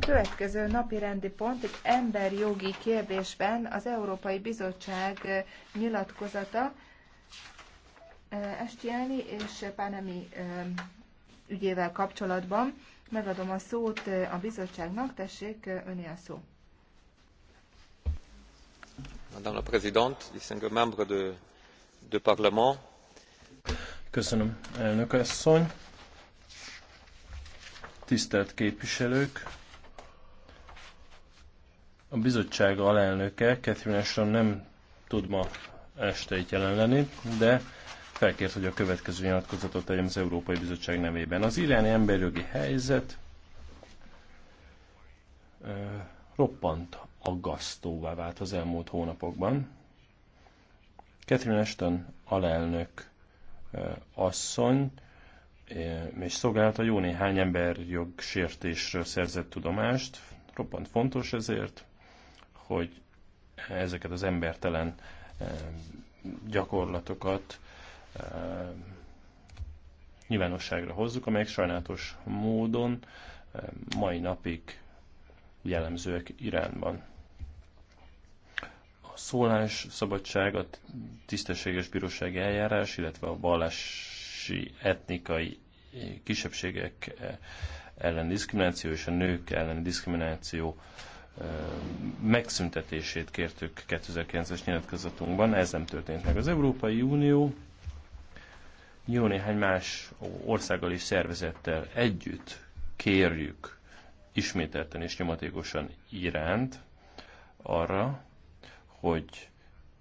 Következő napi rendi pont egy emberjogi kérdésben az Európai Bizottság nyilatkozata Estiáni és Pánemi ügyével kapcsolatban. Megadom a szót a bizottságnak, tessék, öné a szó. Madame la Présidente, distingue membre de, de Parlement. Köszönöm, elnök asszony. Tisztelt képviselők, a bizottság alelnöke, Catherine Ashton nem tud ma este itt jelen lenni, de felkért, hogy a következő nyilatkozatot tegyem az Európai Bizottság nevében. Az iráni emberjogi helyzet roppant aggasztóvá vált az elmúlt hónapokban. Catherine Ashton alelnök asszony és szolgálta jó néhány emberjog sértésről szerzett tudomást. Roppant fontos ezért, hogy ezeket az embertelen eh, gyakorlatokat eh, nyilvánosságra hozzuk, amelyek sajnálatos módon eh, mai napig jellemzőek Iránban. A szólás szabadság, a tisztességes bírósági eljárás, illetve a vallási etnikai kisebbségek ellen diszkrimináció és a nők ellen diszkrimináció megszüntetését kértük 2009-es nyilatkozatunkban, ez nem történt meg. Az Európai Unió jó néhány más országgal és szervezettel együtt kérjük ismételten és nyomatékosan Iránt arra, hogy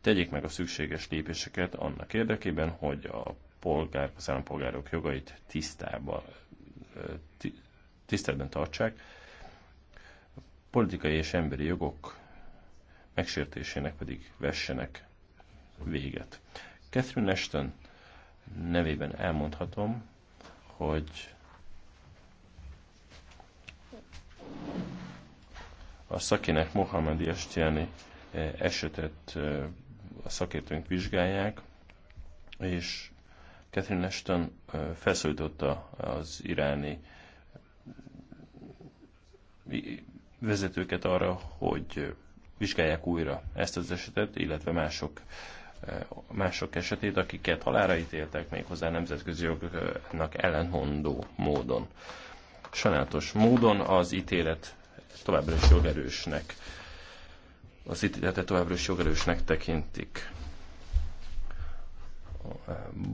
tegyék meg a szükséges lépéseket annak érdekében, hogy a polgár, az állampolgárok jogait tisztában, tiszteletben tartsák, politikai és emberi jogok megsértésének pedig vessenek véget. Catherine Ashton nevében elmondhatom, hogy a szakinek Mohamed Estiani eh, esetet eh, a szakértőnk vizsgálják, és Catherine Ashton eh, felszólította az iráni vezetőket arra, hogy vizsgálják újra ezt az esetet, illetve mások eh, mások esetét, akiket halára ítéltek hozzá nemzetközi jognak ellenhondó módon. Sajnálatos módon az ítélet továbbra is jogerősnek az ítéletet továbbra is jogerősnek tekintik.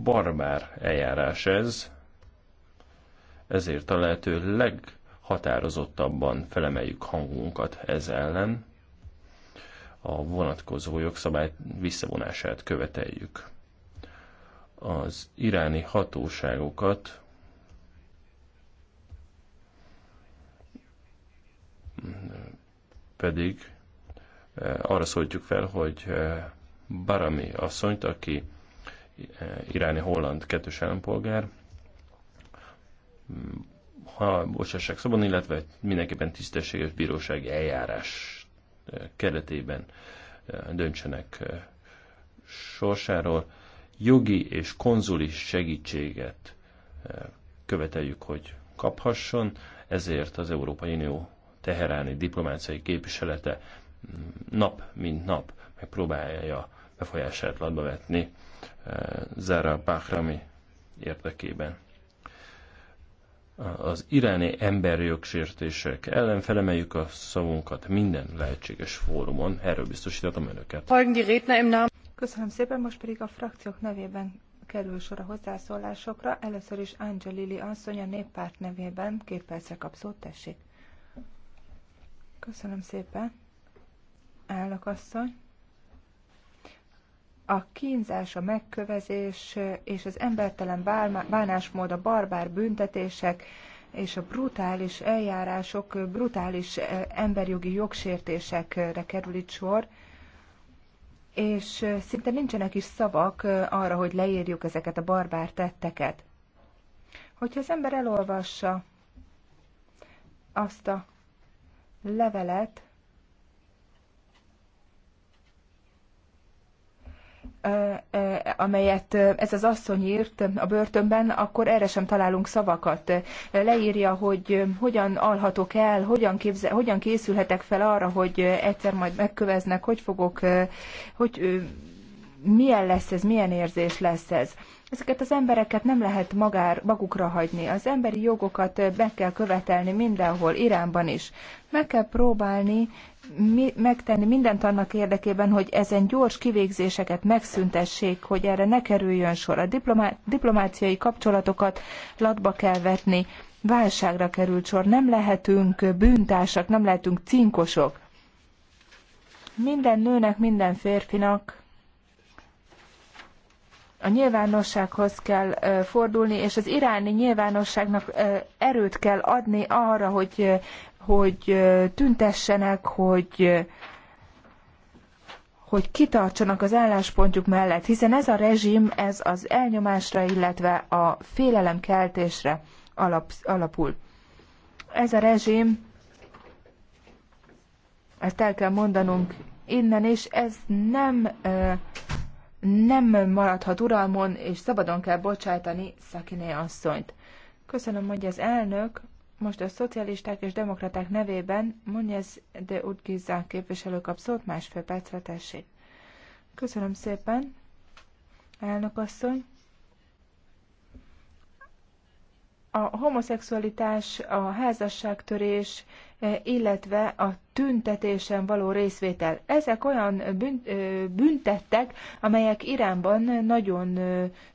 Barbár eljárás ez, ezért a lehető leg határozottabban felemeljük hangunkat ez ellen, a vonatkozó jogszabály visszavonását követeljük. Az iráni hatóságokat pedig eh, arra szólítjuk fel, hogy eh, Barami asszonyt, aki eh, iráni holland kettős állampolgár, ha bocsássák szabadon, illetve mindenképpen tisztességes bírósági eljárás eh, keretében eh, döntsenek eh, sorsáról. Jogi és konzuli segítséget követeljük, hogy kaphasson, ezért az Európai Unió teheráni diplomáciai képviselete mm, nap mint nap megpróbálja befolyását latba vetni Zara Bahrami érdekében az iráni emberjogsértések ellen felemeljük a szavunkat minden lehetséges fórumon. Erről biztosítatom önöket. Köszönöm szépen, most pedig a frakciók nevében kerül sor a hozzászólásokra. Először is Angelili asszony a néppárt nevében két percre kap szót, tessék. Köszönöm szépen, Állok asszony a kínzás, a megkövezés és az embertelen bánásmód, a barbár büntetések és a brutális eljárások, brutális e, emberjogi jogsértésekre kerül itt sor, és e, szinte nincsenek is szavak e, arra, hogy leírjuk ezeket a barbár tetteket. Hogyha az ember elolvassa azt a levelet, amelyet ez az asszony írt a börtönben, akkor erre sem találunk szavakat. Leírja, hogy hogyan alhatok el, hogyan, képzel, hogyan készülhetek fel arra, hogy egyszer majd megköveznek, hogy fogok, hogy milyen lesz ez, milyen érzés lesz ez. Ezeket az embereket nem lehet magár, magukra hagyni. Az emberi jogokat be kell követelni mindenhol, Iránban is. Meg kell próbálni mi, megtenni mindent annak érdekében, hogy ezen gyors kivégzéseket megszüntessék, hogy erre ne kerüljön sor. A diplomá, diplomáciai kapcsolatokat latba kell vetni, válságra került sor. Nem lehetünk bűntársak, nem lehetünk cinkosok. Minden nőnek, minden férfinak a nyilvánossághoz kell fordulni, és az iráni nyilvánosságnak erőt kell adni arra, hogy, hogy tüntessenek, hogy, hogy kitartsanak az álláspontjuk mellett, hiszen ez a rezsim, ez az elnyomásra, illetve a félelemkeltésre alap, alapul. Ez a rezsim, ezt el kell mondanunk innen, és ez nem nem maradhat uralmon, és szabadon kell bocsájtani Szakiné asszonyt. Köszönöm, mondja az elnök most a szocialisták és demokraták nevében ez de Udgizzá képviselő kap szót, másfél percre tessék. Köszönöm szépen, elnök asszony. a homoszexualitás, a házasságtörés, eh, illetve a tüntetésen való részvétel. Ezek olyan büntettek, amelyek Iránban nagyon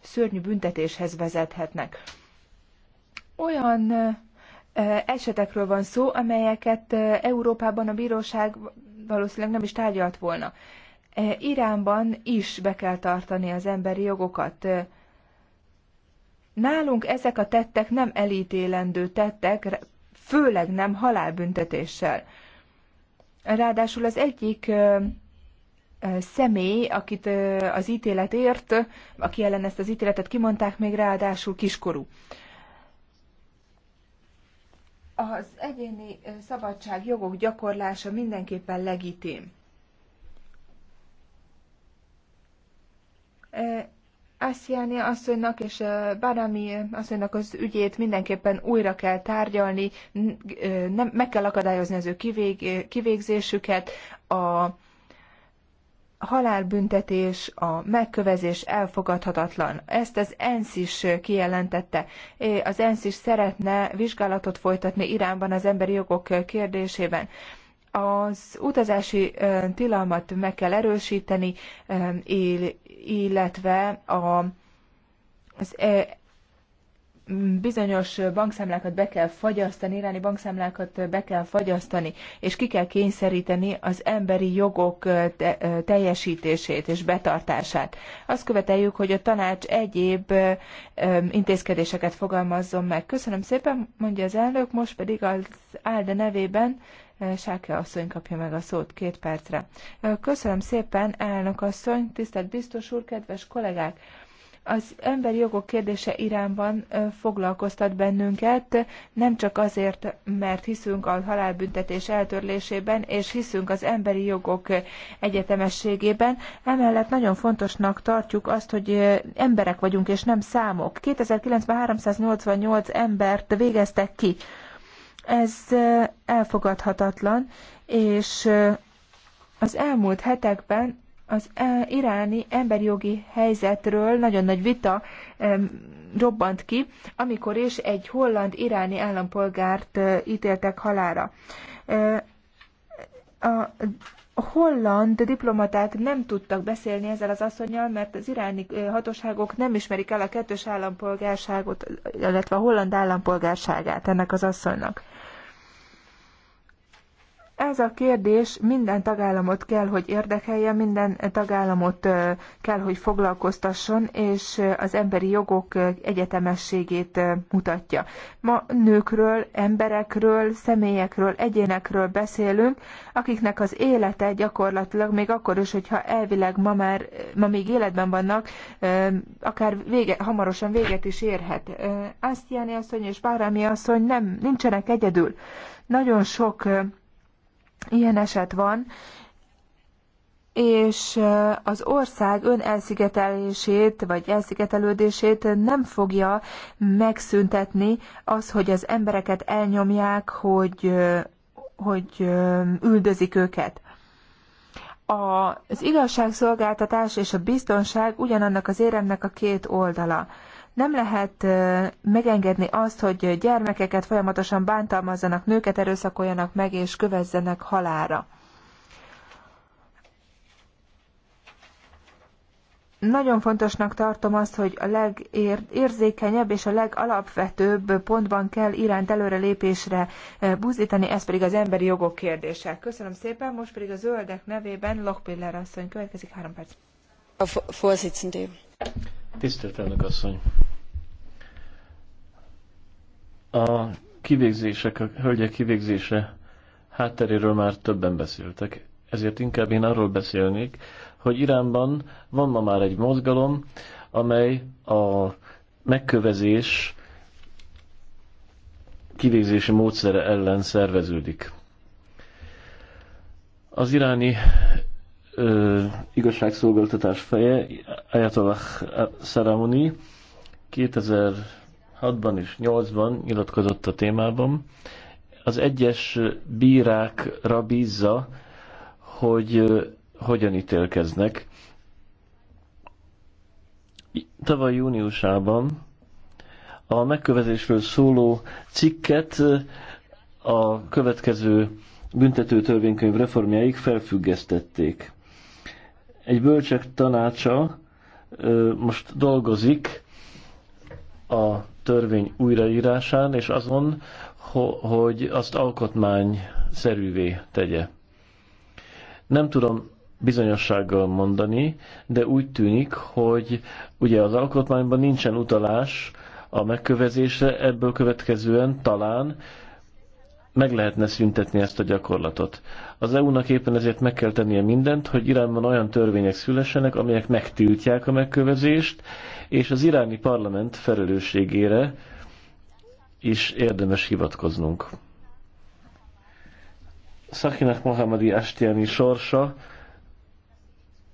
szörnyű büntetéshez vezethetnek. Olyan esetekről van szó, amelyeket Európában a bíróság valószínűleg nem is tárgyalt volna. E, Iránban is be kell tartani az emberi jogokat. Nálunk ezek a tettek nem elítélendő tettek, főleg nem halálbüntetéssel. Ráadásul az egyik személy, akit az ítélet ért, aki ellen ezt az ítéletet kimondták, még ráadásul kiskorú. Az egyéni szabadságjogok gyakorlása mindenképpen legitim. Bassiani asszonynak és Barami asszonynak az ügyét mindenképpen újra kell tárgyalni, nem, meg kell akadályozni az ő kivég, kivégzésüket, a halálbüntetés, a megkövezés elfogadhatatlan. Ezt az ENSZ is kijelentette. Az ENSZ is szeretne vizsgálatot folytatni Iránban az emberi jogok kérdésében az utazási tilalmat meg kell erősíteni, illetve a, az e, bizonyos bankszámlákat be kell fagyasztani, iráni bankszámlákat be kell fagyasztani, és ki kell kényszeríteni az emberi jogok te- teljesítését és betartását. Azt követeljük, hogy a tanács egyéb intézkedéseket fogalmazzon meg. Köszönöm szépen, mondja az elnök, most pedig az Álde nevében Sáke asszony kapja meg a szót két percre. Köszönöm szépen, elnök asszony, tisztelt biztos úr, kedves kollégák! az emberi jogok kérdése Iránban foglalkoztat bennünket, nem csak azért, mert hiszünk a halálbüntetés eltörlésében, és hiszünk az emberi jogok egyetemességében, emellett nagyon fontosnak tartjuk azt, hogy emberek vagyunk, és nem számok. 2009-ben 388 embert végeztek ki ez elfogadhatatlan, és az elmúlt hetekben az e, iráni emberi jogi helyzetről nagyon nagy vita robbant ki, amikor is egy holland-iráni állampolgárt ítéltek halára. A holland diplomaták nem tudtak beszélni ezzel az asszonyjal, mert az iráni hatóságok nem ismerik el a kettős állampolgárságot, illetve a holland állampolgárságát ennek az asszonynak. Ez a kérdés minden tagállamot kell, hogy érdekelje, minden tagállamot kell, hogy foglalkoztasson, és az emberi jogok egyetemességét mutatja. Ma nőkről, emberekről, személyekről, egyénekről beszélünk, akiknek az élete gyakorlatilag még akkor is, hogyha elvileg ma már, ma még életben vannak, akár vége, hamarosan véget is érhet. Asztiáni asszony és Bárami asszony nem, nincsenek egyedül. Nagyon sok Ilyen eset van, és az ország önelszigetelését vagy elszigetelődését nem fogja megszüntetni az, hogy az embereket elnyomják, hogy, hogy üldözik őket. Az igazságszolgáltatás és a biztonság ugyanannak az éremnek a két oldala. Nem lehet megengedni azt, hogy gyermekeket folyamatosan bántalmazzanak, nőket erőszakoljanak meg és kövezzenek halára. Nagyon fontosnak tartom azt, hogy a legérzékenyebb és a legalapvetőbb pontban kell iránt előrelépésre buzdítani, ez pedig az emberi jogok kérdése. Köszönöm szépen, most pedig a zöldek nevében Lochpiller asszony következik három perc. Tisztelt elnök asszony! A kivégzések, a hölgyek kivégzése hátteréről már többen beszéltek, ezért inkább én arról beszélnék, hogy Iránban van ma már egy mozgalom, amely a megkövezés kivégzési módszere ellen szerveződik. Az iráni igazságszolgáltatás feje, Ayatollah Saramuni 2006-ban és 2008-ban nyilatkozott a témában. Az egyes bírák rabízza hogy hogyan ítélkeznek. Tavaly júniusában a megkövezésről szóló cikket a következő büntető törvénykönyv reformjáig felfüggesztették egy bölcsek tanácsa most dolgozik a törvény újraírásán, és azon, hogy azt alkotmány szerűvé tegye. Nem tudom bizonyossággal mondani, de úgy tűnik, hogy ugye az alkotmányban nincsen utalás a megkövezésre, ebből következően talán meg lehetne szüntetni ezt a gyakorlatot. Az EU-nak éppen ezért meg kell tennie mindent, hogy Iránban olyan törvények szülessenek, amelyek megtiltják a megkövezést, és az iráni parlament felelősségére is érdemes hivatkoznunk. Szakinak Mohamedi Astiani sorsa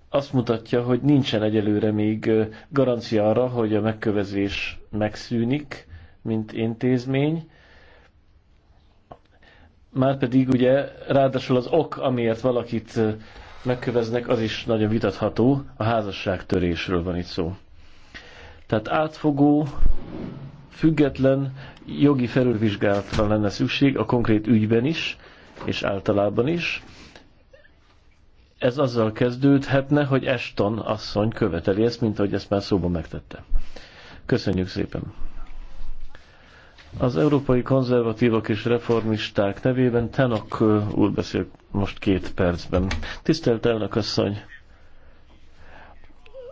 azt mutatja, hogy nincsen egyelőre még garancia arra, hogy a megkövezés megszűnik, mint intézmény, Márpedig ugye ráadásul az ok, amiért valakit megköveznek, az is nagyon vitatható, a törésről van itt szó. Tehát átfogó, független jogi felülvizsgálatra lenne szükség a konkrét ügyben is, és általában is. Ez azzal kezdődhetne, hogy Eston asszony követeli ezt, mint ahogy ezt már szóban megtette. Köszönjük szépen! Az európai konzervatívok és reformisták nevében Tenok úr beszél most két percben. Tisztelt elnök asszony!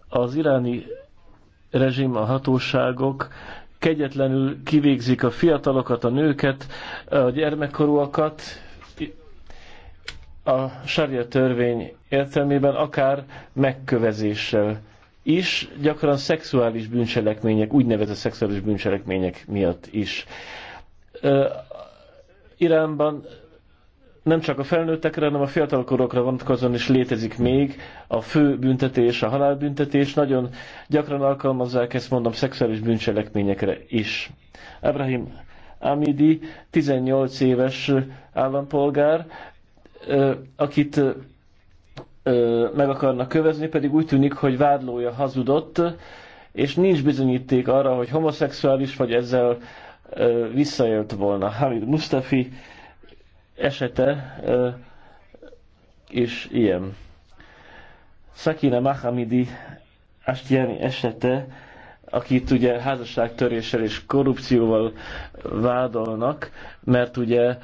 Az iráni rezsim, a hatóságok kegyetlenül kivégzik a fiatalokat, a nőket, a gyermekkorúakat, a sarja törvény értelmében akár megkövezéssel is, gyakran szexuális bűncselekmények, úgynevezett szexuális bűncselekmények miatt is. Iránban nem csak a felnőttekre, hanem a fiatalkorokra vonatkozóan is létezik még a fő büntetés, a halálbüntetés. Nagyon gyakran alkalmazzák ezt, mondom, szexuális bűncselekményekre is. Ebrahim Amidi, 18 éves állampolgár, akit meg akarnak kövezni, pedig úgy tűnik, hogy vádlója hazudott, és nincs bizonyíték arra, hogy homoszexuális vagy ezzel visszaélt volna. Hamid Mustafi esete is ilyen. Sakina Mahamidi Astiani esete, akit ugye házasságtöréssel és korrupcióval vádolnak, mert ugye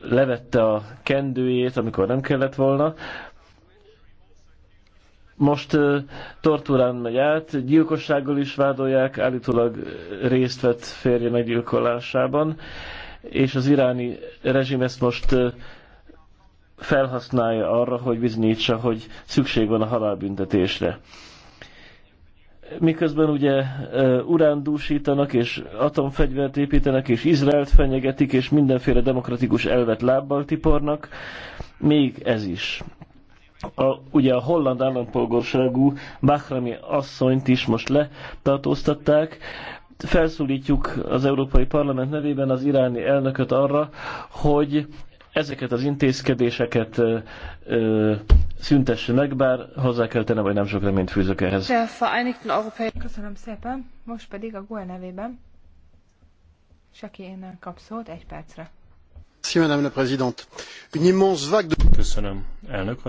levette a kendőjét, amikor nem kellett volna, most tortúrán megy át, gyilkossággal is vádolják, állítólag részt vett férje meggyilkolásában, és az iráni rezsim ezt most felhasználja arra, hogy bizonyítsa, hogy szükség van a halálbüntetésre. Miközben ugye urán dúsítanak, és atomfegyvert építenek, és Izraelt fenyegetik, és mindenféle demokratikus elvet lábbal tipornak, még ez is a, ugye a holland állampolgárságú Bahrami asszonyt is most letartóztatták. Felszólítjuk az Európai Parlament nevében az iráni elnököt arra, hogy ezeket az intézkedéseket ö, ö, szüntesse meg, bár hozzá kell tenni, hogy nem sok reményt fűzök ehhez. Köszönöm szépen, most pedig a GOL nevében Saki én kapszolt egy percre. Madame la Présidente. Une immense vague de...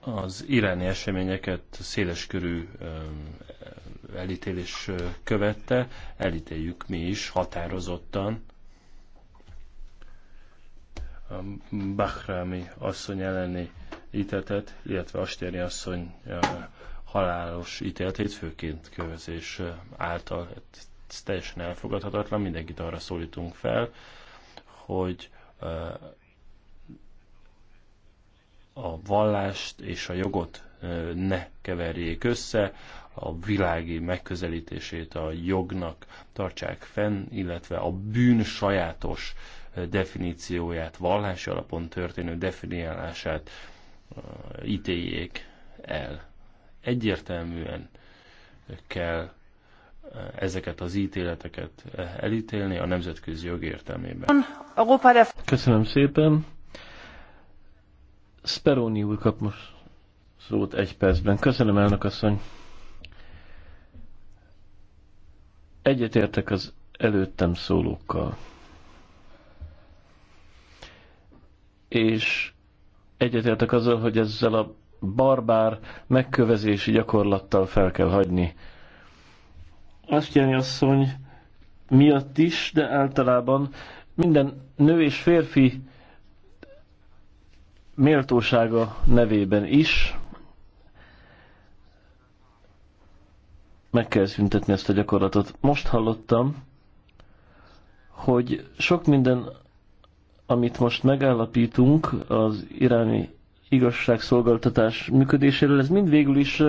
az iráni eseményeket széleskörű elítélés követte, elítéljük mi is határozottan. A Bahrami asszony elleni ítetet, illetve Astéri asszony halálos ítéletét, főként kövezés által. Ez teljesen elfogadhatatlan, mindenkit arra szólítunk fel, hogy a vallást és a jogot ne keverjék össze, a világi megközelítését a jognak tartsák fenn, illetve a bűn sajátos definícióját, vallási alapon történő definiálását ítéljék el. Egyértelműen kell eh, ezeket az ítéleteket eh, elítélni a nemzetközi jog értelmében. Köszönöm szépen. Speroni úr kap most szót egy percben. Köszönöm, elnök asszony. Egyetértek az előttem szólókkal. És egyetértek azzal, hogy ezzel a barbár megkövezési gyakorlattal fel kell hagyni. Azt Astyáni asszony miatt is, de általában minden nő és férfi méltósága nevében is meg kell szüntetni ezt a gyakorlatot. Most hallottam, hogy sok minden amit most megállapítunk az iráni igazságszolgáltatás működéséről, ez mind végül is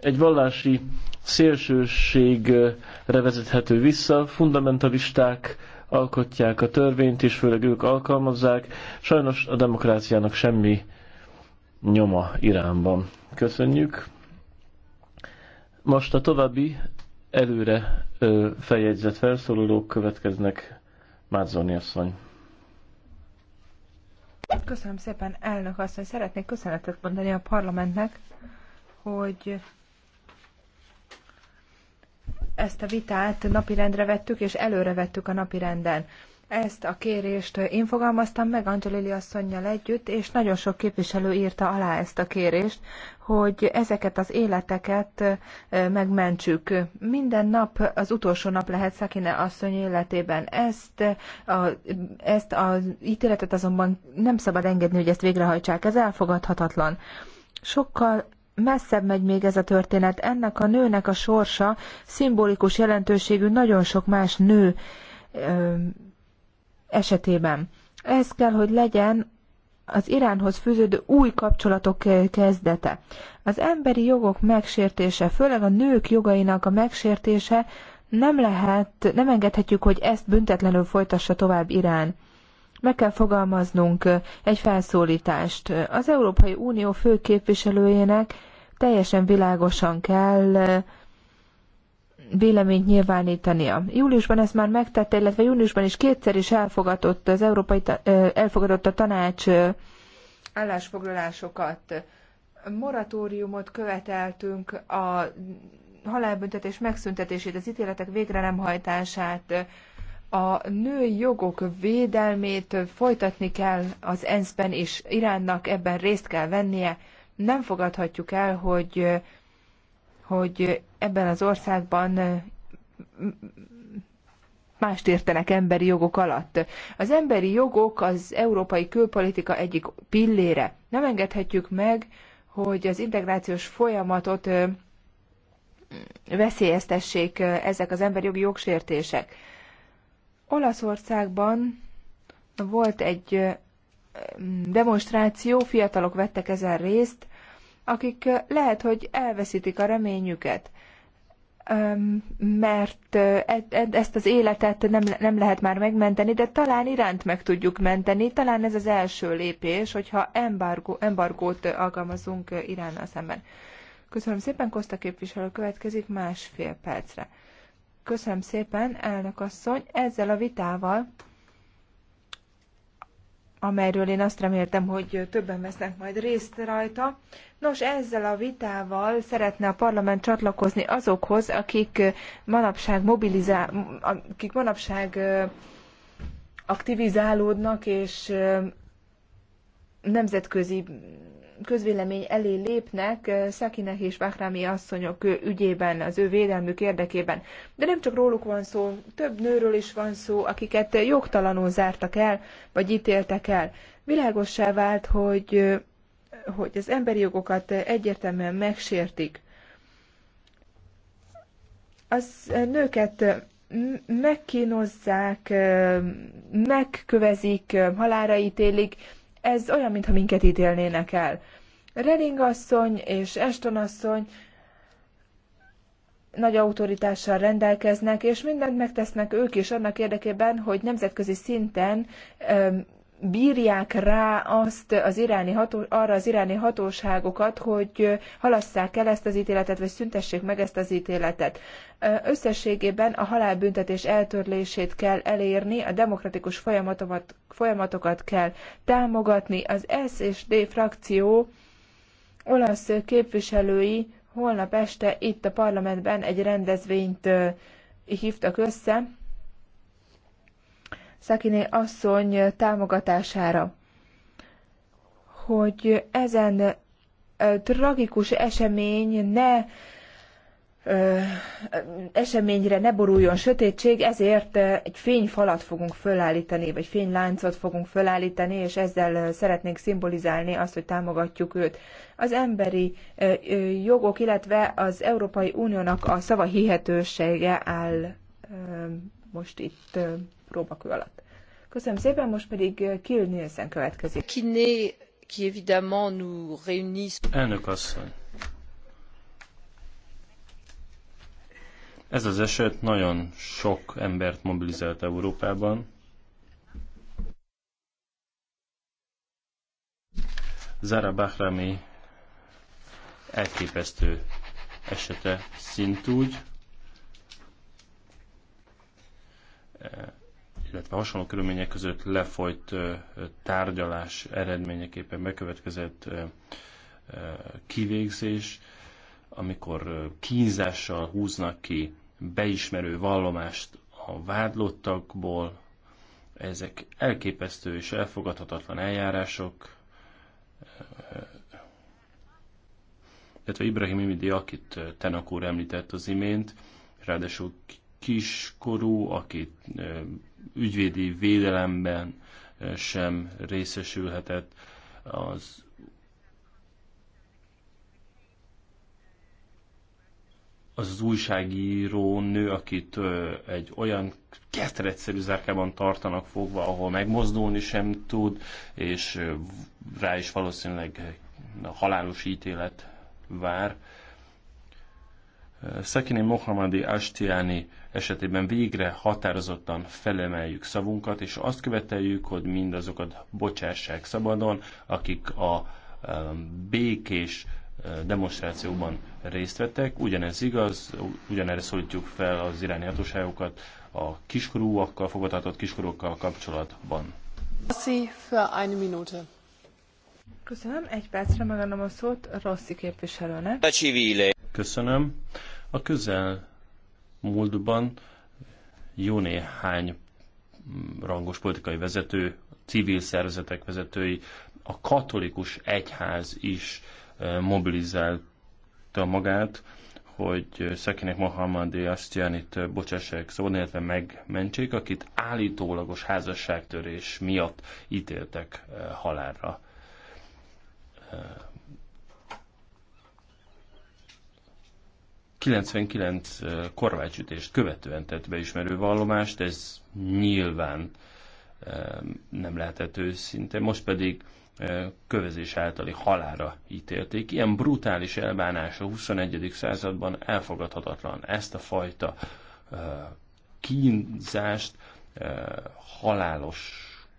egy vallási szélsőségre vezethető vissza, fundamentalisták alkotják a törvényt, és főleg ők alkalmazzák. Sajnos a demokráciának semmi nyoma Iránban. Köszönjük. Most a további előre feljegyzett felszólalók következnek. Mázzoni asszony. Köszönöm szépen, elnök asszony. Szeretnék köszönetet mondani a parlamentnek, hogy ezt a vitát napirendre vettük, és előre vettük a napirenden. Ezt a kérést én fogalmaztam meg Angelili asszonynal együtt, és nagyon sok képviselő írta alá ezt a kérést, hogy ezeket az életeket megmentsük. Minden nap az utolsó nap lehet Szakine asszony életében. Ezt, a, ezt az ítéletet azonban nem szabad engedni, hogy ezt végrehajtsák. Ez elfogadhatatlan. Sokkal messzebb megy még ez a történet. Ennek a nőnek a sorsa szimbolikus jelentőségű nagyon sok más nő esetében. Ez kell, hogy legyen az Iránhoz fűződő új kapcsolatok eh, kezdete. Az emberi jogok megsértése, főleg a nők jogainak a megsértése nem lehet, nem engedhetjük, hogy ezt büntetlenül folytassa tovább Irán. Meg kell fogalmaznunk eh, egy felszólítást. Az Európai Unió fő képviselőjének teljesen világosan kell eh, véleményt nyilvánítania. Júliusban ezt már megtette, illetve júniusban is kétszer is elfogadott az európai, elfogadott a tanács állásfoglalásokat. Moratóriumot követeltünk a halálbüntetés megszüntetését, az ítéletek végre nem hajtását, a női jogok védelmét folytatni kell az ENSZ-ben, és Iránnak ebben részt kell vennie. Nem fogadhatjuk el, hogy hogy ebben az országban mást értenek emberi jogok alatt. Az emberi jogok az európai külpolitika egyik pillére. Nem engedhetjük meg, hogy az integrációs folyamatot veszélyeztessék ezek az emberi jogi jogsértések. Olaszországban volt egy demonstráció, fiatalok vettek ezen részt, akik lehet, hogy elveszítik a reményüket, mert e-, e-, ezt az életet nem, nem lehet már megmenteni, de talán iránt meg tudjuk menteni, talán ez az első lépés, hogyha embargó, embargót alkalmazunk Iránnal szemben. Köszönöm szépen, Koszta képviselő következik másfél percre. Köszönöm szépen, elnök asszony, ezzel a vitával amelyről én azt reméltem, hogy többen vesznek majd részt rajta. Nos, ezzel a vitával szeretne a parlament csatlakozni azokhoz, akik manapság mobilizál, akik manapság aktivizálódnak, és nemzetközi közvélemény elé lépnek Szakinek és Bahrámi asszonyok ügyében, az ő védelmük érdekében. De nem csak róluk van szó, több nőről is van szó, akiket jogtalanul zártak el, vagy ítéltek el. Világossá vált, hogy, hogy az emberi jogokat egyértelműen megsértik. Az nőket megkínozzák, megkövezik, halára ítélik, ez olyan, mintha minket ítélnének el. Reling asszony és Eston asszony nagy autoritással rendelkeznek, és mindent megtesznek ők is annak érdekében, hogy nemzetközi szinten bírják rá azt az iráni ható, arra az iráni hatóságokat, hogy halasszák el ezt az ítéletet, vagy szüntessék meg ezt az ítéletet. Összességében a halálbüntetés eltörlését kell elérni, a demokratikus folyamatokat, folyamatokat kell támogatni. Az S és D frakció olasz képviselői holnap este itt a parlamentben egy rendezvényt hívtak össze, Szakiné asszony támogatására, hogy ezen tragikus esemény ne ö, eseményre ne boruljon sötétség, ezért egy fényfalat fogunk fölállítani, vagy fényláncot fogunk fölállítani, és ezzel szeretnénk szimbolizálni azt, hogy támogatjuk őt. Az emberi ö, jogok, illetve az Európai Uniónak a szava hihetősége áll most itt próbakő alatt. Köszönöm szépen, most pedig eh, Kill Nielsen következik. Kiné, ki évidemment nous réunis. Elnök asszony. Ez az eset nagyon sok embert mobilizált Európában. Zara Bahrami elképesztő esete szintúgy. Eh, illetve hasonló körülmények között lefolyt tárgyalás eredményeképpen bekövetkezett kivégzés, amikor kínzással húznak ki beismerő vallomást a vádlottakból, ezek elképesztő és elfogadhatatlan eljárások, illetve Ibrahim Imidi, akit Tenak úr említett az imént, ráadásul kiskorú, akit ügyvédi védelemben eh, sem részesülhetett az az, az újságíró nő, akit eh, egy olyan ketrecszerű zárkában tartanak fogva, ahol megmozdulni sem tud, és eh, rá is valószínűleg a halálos ítélet vár. Szekiné Mohamadi Astiani esetében végre határozottan felemeljük szavunkat, és azt követeljük, hogy mindazokat bocsássák szabadon, akik a békés demonstrációban részt vettek. Ugyanez igaz, ugyanerre szólítjuk fel az iráni hatóságokat a kiskorúakkal, fogadhatott kiskorúakkal kapcsolatban. Köszönöm, egy percre megadom a szót Rossi képviselőnek. Köszönöm. A közel múltban jó néhány rangos politikai vezető, civil szervezetek vezetői, a katolikus egyház is eh, mobilizálta magát, hogy eh, Szekinek Mohammadi Asztianit, eh, bocsássák szóval, illetve megmentsék, akit állítólagos házasságtörés miatt ítéltek halálra. 99 korvácsütést követően tett beismerő vallomást, ez nyilván nem lehetett őszinte, most pedig kövezés általi halára ítélték. Ilyen brutális elbánás a 21. században elfogadhatatlan. Ezt a fajta kínzást, halálos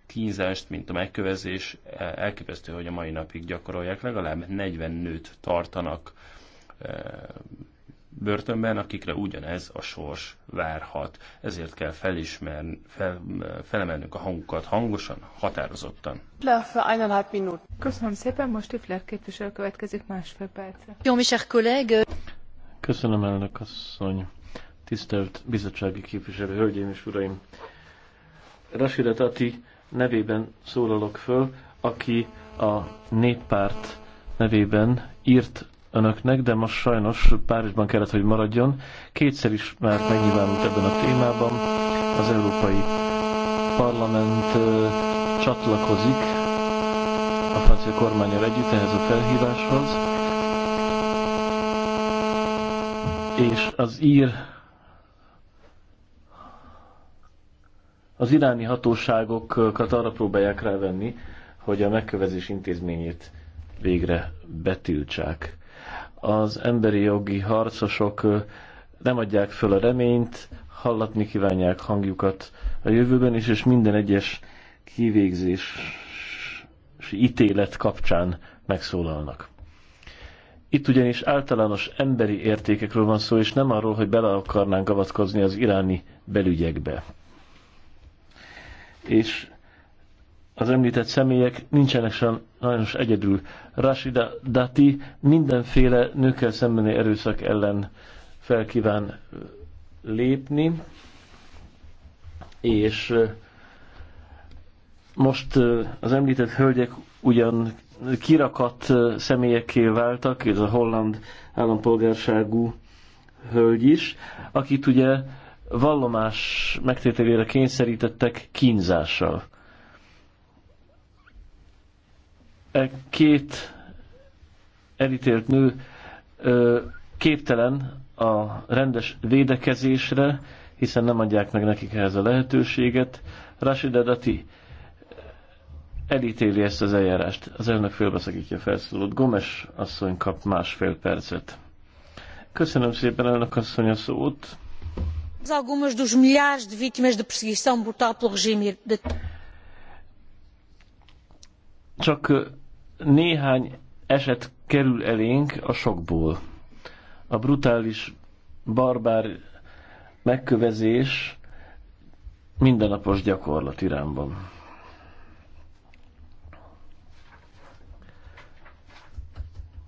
kínzást, mint a megkövezés, e, elképesztő, hogy a mai napig gyakorolják. Legalább 40 nőt tartanak börtönben, akikre ugyanez a sors várhat. Ezért kell felismerni, fel, felemelnünk a hangukat hangosan, határozottan. Köszönöm szépen, most Tifler képviselő következik másfél percre. Jó, mi kollég. Köszönöm, elnök asszony. Tisztelt bizottsági képviselő, hölgyeim és uraim. Rasidat Ati nevében szólalok föl, aki a néppárt nevében írt önöknek, de most sajnos Párizsban kellett, hogy maradjon. Kétszer is már megnyilvánult ebben a témában. Az Európai Parlament csatlakozik a francia kormányjal együtt ehhez a felhíváshoz. És az ír az iráni hatóságokat arra próbálják rávenni, hogy a megkövezés intézményét végre betiltsák az emberi jogi harcosok nem adják föl a reményt, hallatni kívánják hangjukat a jövőben is, és minden egyes kivégzés és ítélet kapcsán megszólalnak. Itt ugyanis általános emberi értékekről van szó, és nem arról, hogy bele akarnánk avatkozni az iráni belügyekbe. És az említett személyek nincsenek sem sajnos egyedül. Rashida Dati mindenféle nőkkel szembeni erőszak ellen felkíván lépni, és most az említett hölgyek ugyan kirakat személyekké váltak, ez a holland állampolgárságú hölgy is, akit ugye vallomás megtételére kényszerítettek kínzással. E, két elítélt nő képtelen a rendes védekezésre, hiszen nem adják meg nekik ehhez a lehetőséget. Rashid Adati elítéli ezt az eljárást. Az elnök félbeszakítja a felszólót. Gomes asszony kap másfél percet. Köszönöm szépen, elnök asszony, a szót. Csak néhány eset kerül elénk a sokból. A brutális, barbár megkövezés mindennapos gyakorlat Iránban.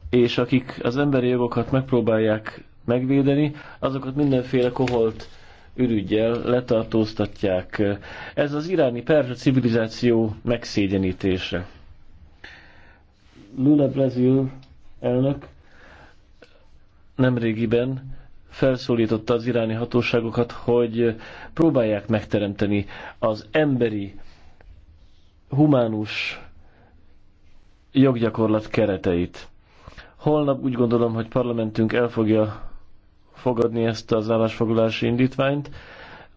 És akik az emberi jogokat megpróbálják megvédeni, azokat mindenféle koholt ürügyel letartóztatják. Ez az iráni perzsa civilizáció megszégyenítése. Lula Brazil elnök nemrégiben felszólította az iráni hatóságokat, hogy próbálják megteremteni az emberi, humánus joggyakorlat kereteit. Holnap úgy gondolom, hogy parlamentünk el fogja fogadni ezt az állásfoglalási indítványt,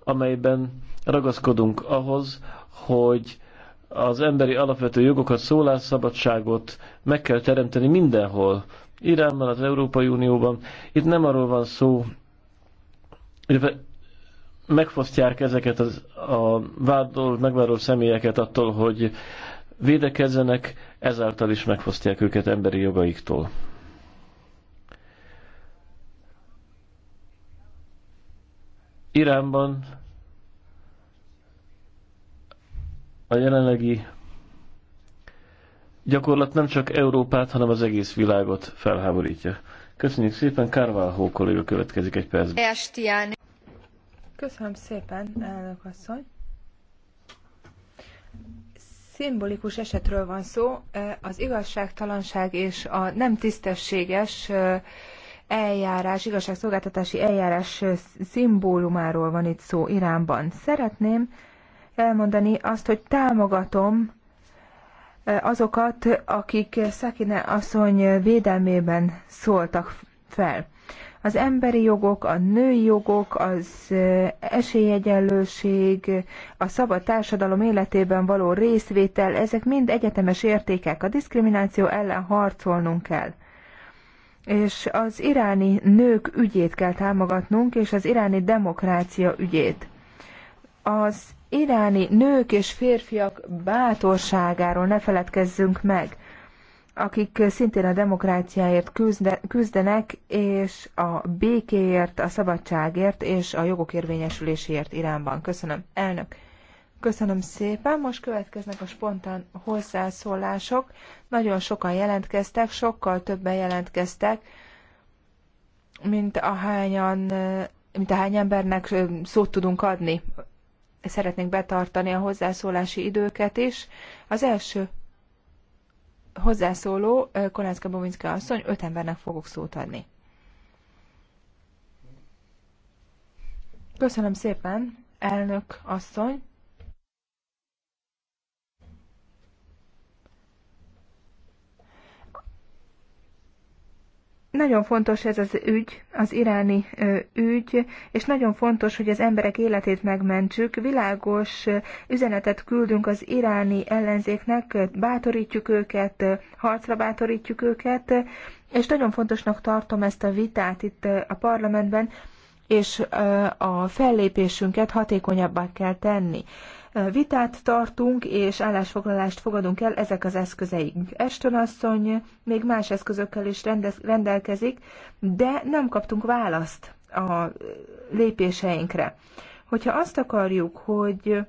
amelyben ragaszkodunk ahhoz, hogy az emberi alapvető jogokat, szólásszabadságot meg kell teremteni mindenhol. Iránban, az Európai Unióban. Itt nem arról van szó, hogy megfosztják ezeket az, a vádol, megvádolt személyeket attól, hogy védekezzenek, ezáltal is megfosztják őket emberi jogaiktól. Iránban a jelenlegi gyakorlat nem csak Európát, hanem az egész világot felháborítja. Köszönjük szépen, Kárválhó kolléga következik egy percben. Estián. Köszönöm szépen, elnök asszony. Szimbolikus esetről van szó, az igazságtalanság és a nem tisztességes eljárás, igazságszolgáltatási eljárás szimbólumáról van itt szó Iránban. Szeretném elmondani azt, hogy támogatom e, azokat, akik Szakine asszony védelmében szóltak fel. Az emberi jogok, a női jogok, az e, esélyegyenlőség, a szabad társadalom életében való részvétel, ezek mind egyetemes értékek. A diszkrimináció ellen harcolnunk kell és az iráni nők ügyét kell támogatnunk, és az iráni demokrácia ügyét. Az iráni nők és férfiak bátorságáról ne feledkezzünk meg, akik szintén a demokráciáért küzdenek, és a békéért, a szabadságért és a jogok érvényesüléséért Iránban. Köszönöm, elnök! Köszönöm szépen, most következnek a spontán hozzászólások. Nagyon sokan jelentkeztek, sokkal többen jelentkeztek, mint ahányan mint a hány embernek szót tudunk adni szeretnénk betartani a hozzászólási időket is. Az első hozzászóló, Kolászka Bominszka asszony, öt embernek fogok szót adni. Köszönöm szépen, elnök asszony. Nagyon fontos ez az ügy, az iráni ügy, és nagyon fontos, hogy az emberek életét megmentsük. Világos üzenetet küldünk az iráni ellenzéknek, bátorítjuk őket, harcra bátorítjuk őket, és nagyon fontosnak tartom ezt a vitát itt a parlamentben, és a fellépésünket hatékonyabbá kell tenni vitát tartunk, és állásfoglalást fogadunk el, ezek az eszközeink. Eston asszony még más eszközökkel is rendez, rendelkezik, de nem kaptunk választ a lépéseinkre. Hogyha azt akarjuk, hogy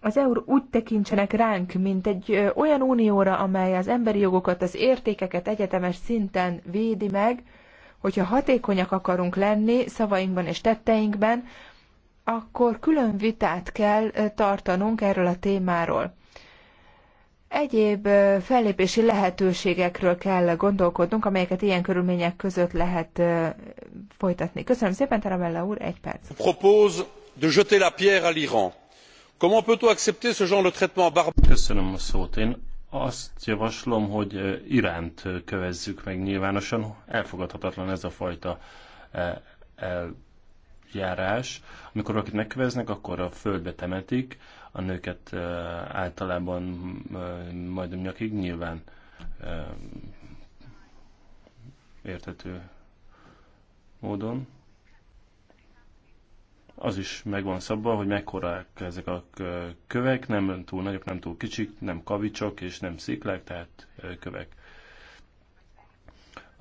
az EU úgy tekintsenek ránk, mint egy olyan unióra, amely az emberi jogokat, az értékeket egyetemes szinten védi meg, hogyha hatékonyak akarunk lenni szavainkban és tetteinkben, akkor külön vitát kell tartanunk erről a témáról. Egyéb fellépési lehetőségekről kell gondolkodnunk, amelyeket ilyen körülmények között lehet folytatni. Köszönöm szépen, Tarabella úr, egy perc. Propose de jeter la pierre à l'Iran. Comment peut-on accepter ce genre de traitement barbare? Köszönöm a szót. Én azt javaslom, hogy Iránt kövezzük meg nyilvánosan. Elfogadhatatlan ez a fajta el járás, Amikor valakit megköveznek, akkor a földbe temetik, a nőket általában majd nyakig nyilván értető módon. Az is megvan szabva, hogy mekkorák ezek a kövek, nem túl nagyok, nem túl kicsik, nem kavicsok és nem sziklák, tehát kövek.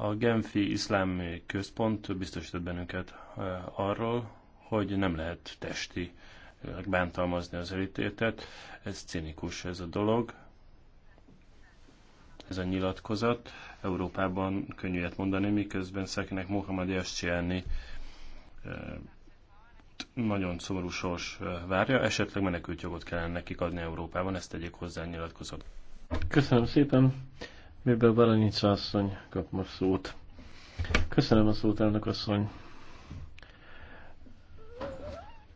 A Genfi Iszlám Központ biztosított bennünket arról, hogy nem lehet testi bántalmazni az elítéltet. Ez cinikus ez a dolog, ez a nyilatkozat. Európában könnyűet mondani, miközben Szekinek Mohamed Jascsielni nagyon szomorú sors várja, esetleg menekült jogot kellene nekik adni Európában, ezt tegyék hozzá a nyilatkozat. Köszönöm szépen! Miből Balanica asszony kap most szót. Köszönöm a szót, elnök asszony.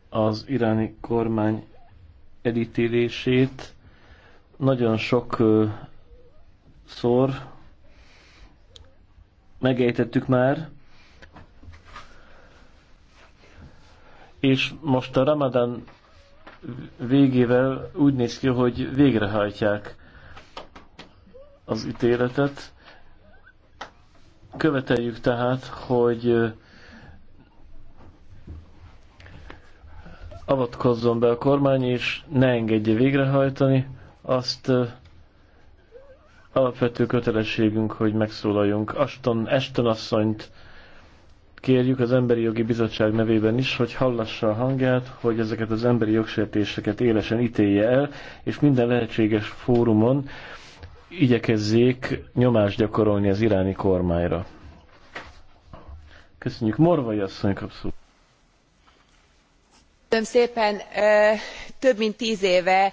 Az iráni kormány elítélését nagyon sok szor megejtettük már, és most a Ramadán végével úgy néz ki, hogy végrehajtják az ítéletet. Követeljük tehát, hogy avatkozzon be a kormány, és ne engedje végrehajtani. Azt alapvető kötelességünk, hogy megszólaljunk. Aston, Eston asszonyt kérjük az Emberi Jogi Bizottság nevében is, hogy hallassa a hangját, hogy ezeket az emberi jogsértéseket élesen ítélje el, és minden lehetséges fórumon igyekezzék nyomást gyakorolni az iráni kormányra. Köszönjük. Morvai asszony kapszul. Köszönöm szépen. Több mint tíz éve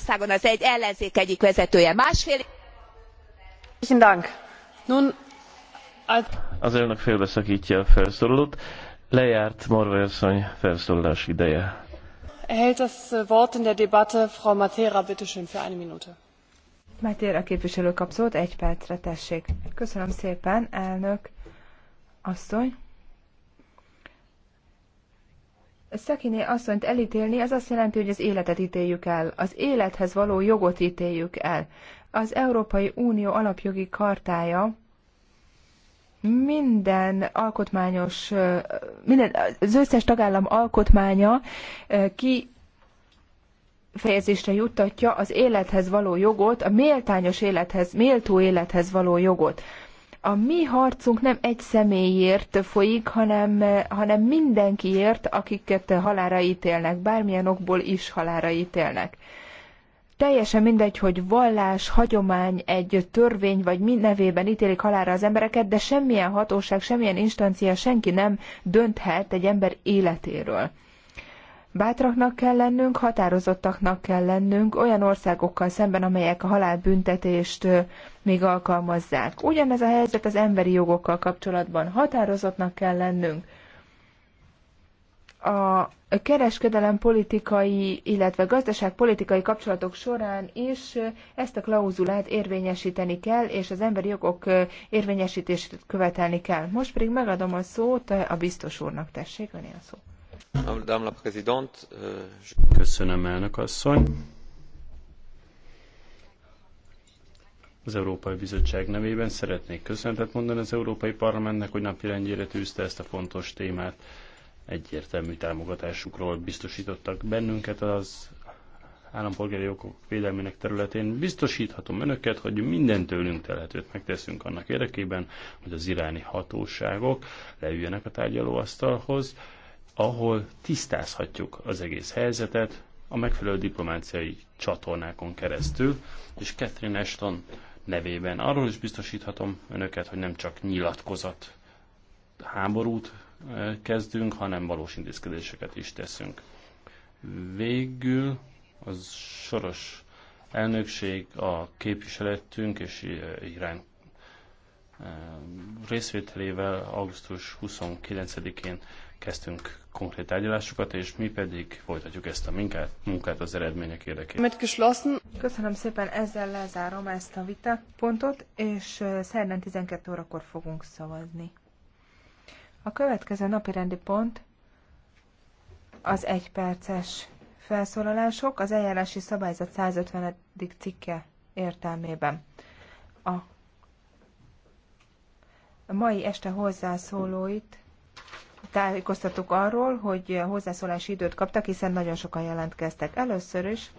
magyarországon az egy ellenzék egyik vezetője másfél az elnök félbeszakítja a felszólalót. Lejárt Morvai asszony felszólalás ideje. Erhält das Wort in der Debatte Frau Matera, bitte schön, für eine Minute. Matera képviselő kap szót, egy percre tessék. Köszönöm szépen, elnök asszony. Szekiné asszonyt elítélni, az azt jelenti, hogy az életet ítéljük el, az élethez való jogot ítéljük el. Az Európai Unió alapjogi kartája minden alkotmányos, minden, az összes tagállam alkotmánya ki fejezésre juttatja az élethez való jogot, a méltányos élethez, méltó élethez való jogot. A mi harcunk nem egy személyért folyik, hanem, hanem mindenkiért, akiket halára ítélnek, bármilyen okból is halára ítélnek. Teljesen mindegy, hogy vallás, hagyomány, egy törvény vagy mi nevében ítélik halára az embereket, de semmilyen hatóság, semmilyen instancia, senki nem dönthet egy ember életéről. Bátraknak kell lennünk, határozottaknak kell lennünk olyan országokkal szemben, amelyek a halálbüntetést még alkalmazzák. Ugyanez a helyzet az emberi jogokkal kapcsolatban. Határozottnak kell lennünk. A kereskedelem politikai, illetve gazdaságpolitikai kapcsolatok során is ezt a klauzulát érvényesíteni kell, és az emberi jogok érvényesítését követelni kell. Most pedig megadom a szót a biztos úrnak. Tessék, öné a szó. Euh, Köszönöm, elnök asszony. Az Európai Bizottság nevében szeretnék köszönetet mondani az Európai Parlamentnek, hogy napirendjére tűzte ezt a fontos témát. Egyértelmű támogatásukról biztosítottak bennünket az állampolgári jogok védelmének területén. Biztosíthatom önöket, hogy minden tőlünk telhetőt megteszünk annak érdekében, hogy az iráni hatóságok leüljenek a tárgyalóasztalhoz, ahol tisztázhatjuk az egész helyzetet, a megfelelő diplomáciai csatornákon keresztül, és Catherine Ashton nevében. Arról is biztosíthatom önöket, hogy nem csak nyilatkozat háborút e, kezdünk, hanem valós intézkedéseket is teszünk. Végül az soros elnökség a képviseletünk és irány e, részvételével augusztus 29-én kezdtünk konkrét tárgyalásokat, és mi pedig folytatjuk ezt a munkát, munkát az eredmények érdekében. Köszönöm szépen, ezzel lezárom ezt a vita pontot, és szerdán 12 órakor fogunk szavazni. A következő napi rendi pont az egyperces felszólalások az eljárási szabályzat 150. cikke értelmében. A mai este hozzászólóit tájékoztattuk arról, hogy hozzászólási időt kaptak, hiszen nagyon sokan jelentkeztek. Először is